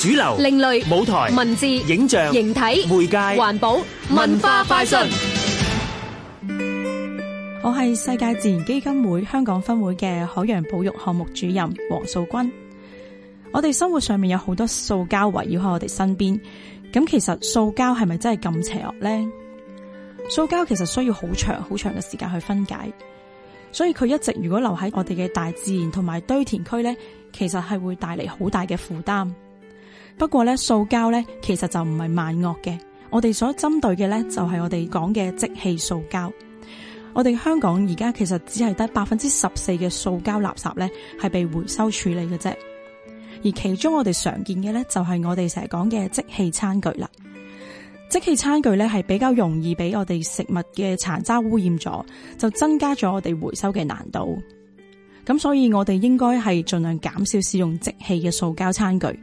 主流、另類舞台、文字、影像、形體、媒介、環保、文化快訊。我係世界自然基金會香港分會嘅海洋保育項目主任黃素君。我哋生活上面有好多塑膠圍繞喺我哋身邊，咁其實塑膠係咪真係咁邪惡呢？塑膠其實需要好長好長嘅時間去分解，所以佢一直如果留喺我哋嘅大自然同埋堆填區呢，其實係會帶嚟好大嘅負擔。不過咧，塑膠咧其實就唔係萬惡嘅，我哋所針對嘅咧就係我哋講嘅即棄塑膠。我哋香港而家其實只係得百分之十四嘅塑膠垃圾咧係被回收處理嘅啫，而其中我哋常見嘅咧就係我哋成日講嘅即棄餐具啦。即棄餐具咧係比較容易俾我哋食物嘅殘渣污染咗，就增加咗我哋回收嘅難度。咁所以我哋應該係盡量減少使用即棄嘅塑膠餐具，例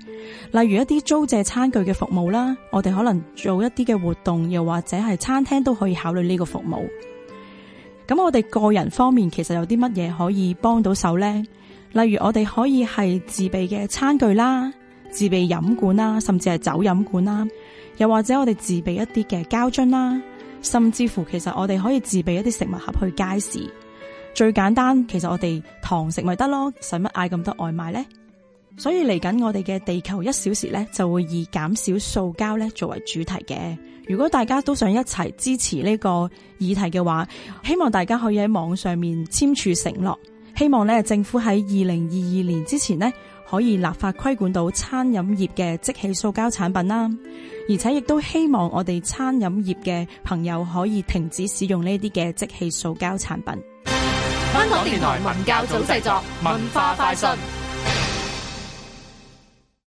如一啲租借餐具嘅服務啦。我哋可能做一啲嘅活動，又或者係餐廳都可以考慮呢個服務。咁我哋個人方面其實有啲乜嘢可以幫到手呢？例如我哋可以係自備嘅餐具啦，自備飲管啦，甚至係酒飲管啦，又或者我哋自備一啲嘅膠樽啦，甚至乎其實我哋可以自備一啲食物盒去街市。最簡單，其實我哋堂食咪得咯，使乜嗌咁多外賣呢？所以嚟緊我哋嘅地球一小時呢，就會以減少塑膠作為主題嘅。如果大家都想一齊支持呢個議題嘅話，希望大家可以喺網上面簽署承諾，希望呢政府喺二零二二年之前呢，可以立法規管到餐飲業嘅即棄塑膠產品啦，而且亦都希望我哋餐飲業嘅朋友可以停止使用呢啲嘅即棄塑膠產品。香港電台文教組製作，作《文化快訊》。